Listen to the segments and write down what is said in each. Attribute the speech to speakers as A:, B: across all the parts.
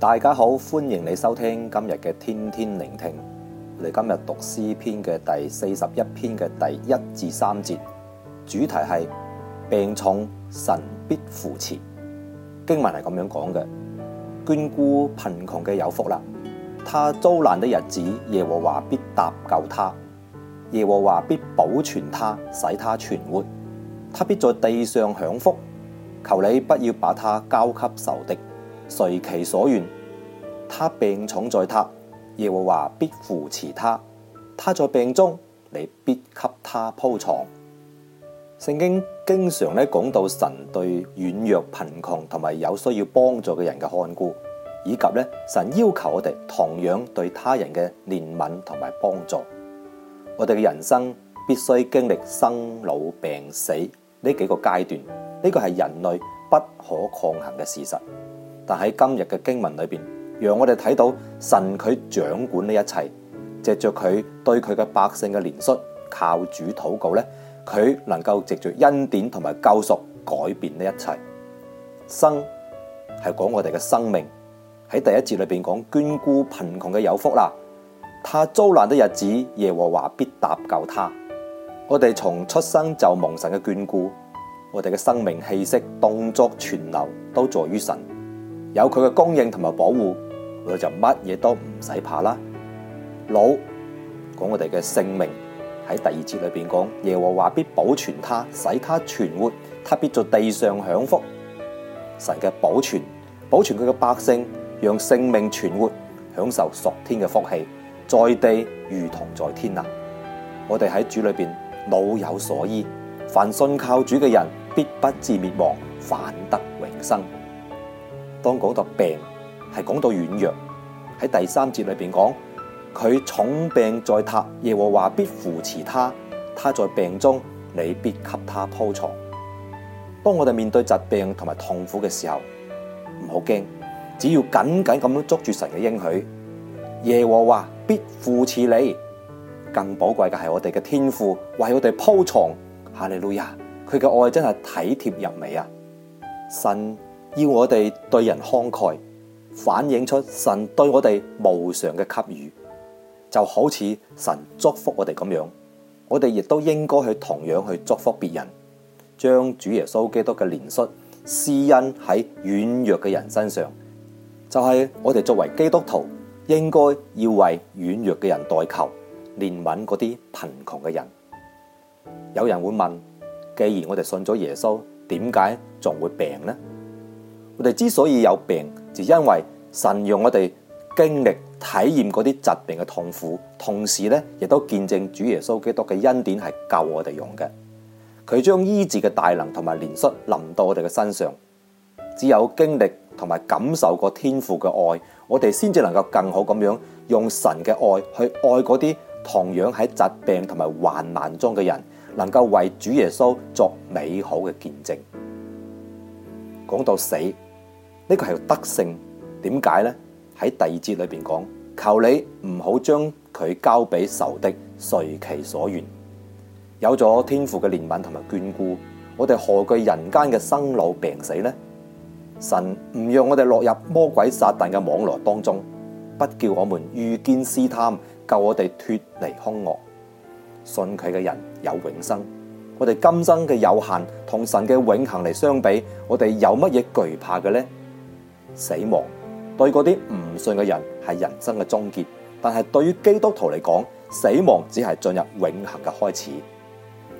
A: 大家好，歡迎你收聽今日嘅天天聆聽。我哋今日讀詩篇嘅第四十一篇嘅第一至三節，主題係病重神必扶持。經文係咁樣講嘅，眷顧貧窮嘅有福啦，他遭難的日子，耶和華必搭救他，耶和華必保存他，使他存活，他必在地上享福。求你不要把他交給仇敵。遂其所願，他病重在榻，耶和華必扶持他。他在病中，你必給他鋪牀。聖經經常咧講到神對軟弱、貧窮同埋有需要幫助嘅人嘅看顧，以及咧神要求我哋同樣對他人嘅憐憫同埋幫助。我哋嘅人生必須經歷生老病死呢幾個階段，呢個係人類不可抗衡嘅事實。但喺今日嘅經文裏邊，讓我哋睇到神佢掌管呢一切，借着佢對佢嘅百姓嘅憐恤，靠主禱告咧，佢能夠藉着恩典同埋救贖改變呢一切。生係講我哋嘅生命，喺第一節裏邊講，眷顧貧窮嘅有福啦。他遭難的日子，耶和華必搭救他。我哋從出生就蒙神嘅眷顧，我哋嘅生命氣息、動作全流、存留都在於神。有佢嘅供應同埋保護，佢就乜嘢都唔使怕啦。老講我哋嘅性命，喺第二節裏邊講，耶和華必保存他，使他存活，他必在地上享福。神嘅保存，保存佢嘅百姓，讓性命存活，享受屬天嘅福氣，在地如同在天啊！我哋喺主裏邊老有所依，凡信靠主嘅人必不至滅亡，反得永生。當講到病，係講到軟弱，喺第三節裏邊講佢重病在榻，耶和華必扶持他，他在病中，你必給他鋪牀。當我哋面對疾病同埋痛苦嘅時候，唔好驚，只要緊緊咁樣捉住神嘅應許，耶和華必扶持你。更寶貴嘅係我哋嘅天父為我哋鋪牀，哈利路亞，佢嘅愛真係體貼入微啊！神要我哋對人慷慨，反映出神對我哋無償嘅給予，就好似神祝福我哋咁樣，我哋亦都應該去同樣去祝福別人，將主耶穌基督嘅憐恤，施恩喺軟弱嘅人身上。就係、是、我哋作為基督徒，應該要為軟弱嘅人代求、憐憫嗰啲貧窮嘅人。有人會問：既然我哋信咗耶穌，點解仲會病呢？我哋之所以有病，就因為神用我哋經歷體驗嗰啲疾病嘅痛苦，同時咧亦都見證主耶穌基督嘅恩典係夠我哋用嘅。佢將醫治嘅大能同埋憐恤臨到我哋嘅身上。只有經歷同埋感受過天父嘅愛，我哋先至能夠更好咁樣用神嘅愛去愛嗰啲同樣喺疾病同埋患難中嘅人，能夠為主耶穌作美好嘅見證。講到死。呢個係個得勝，點解咧？喺第二節裏邊講，求你唔好將佢交俾仇敵，遂其所願。有咗天父嘅憐憫同埋眷顧，我哋何懼人間嘅生老病死呢？神唔讓我哋落入魔鬼撒旦嘅網羅當中，不叫我們遇見試探，救我哋脫離凶惡。信佢嘅人有永生，我哋今生嘅有限同神嘅永恆嚟相比，我哋有乜嘢懼怕嘅呢？死亡對嗰啲唔信嘅人係人生嘅終結，但係對於基督徒嚟講，死亡只係進入永恒嘅開始。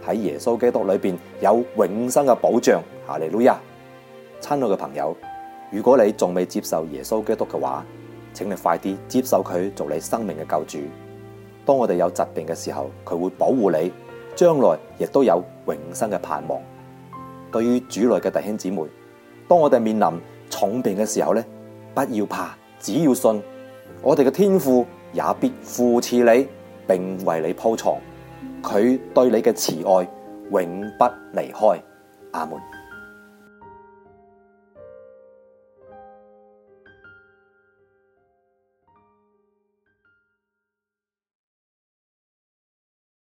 A: 喺耶穌基督裏邊有永生嘅保障。哈利路亞，親愛嘅朋友，如果你仲未接受耶穌基督嘅話，請你快啲接受佢做你生命嘅救主。當我哋有疾病嘅時候，佢會保護你；將來亦都有永生嘅盼望。對於主內嘅弟兄姊妹，當我哋面臨，重病嘅時候咧，不要怕，只要信，我哋嘅天父也必扶持你，並為你鋪床，佢對你嘅慈愛永不離開，阿門。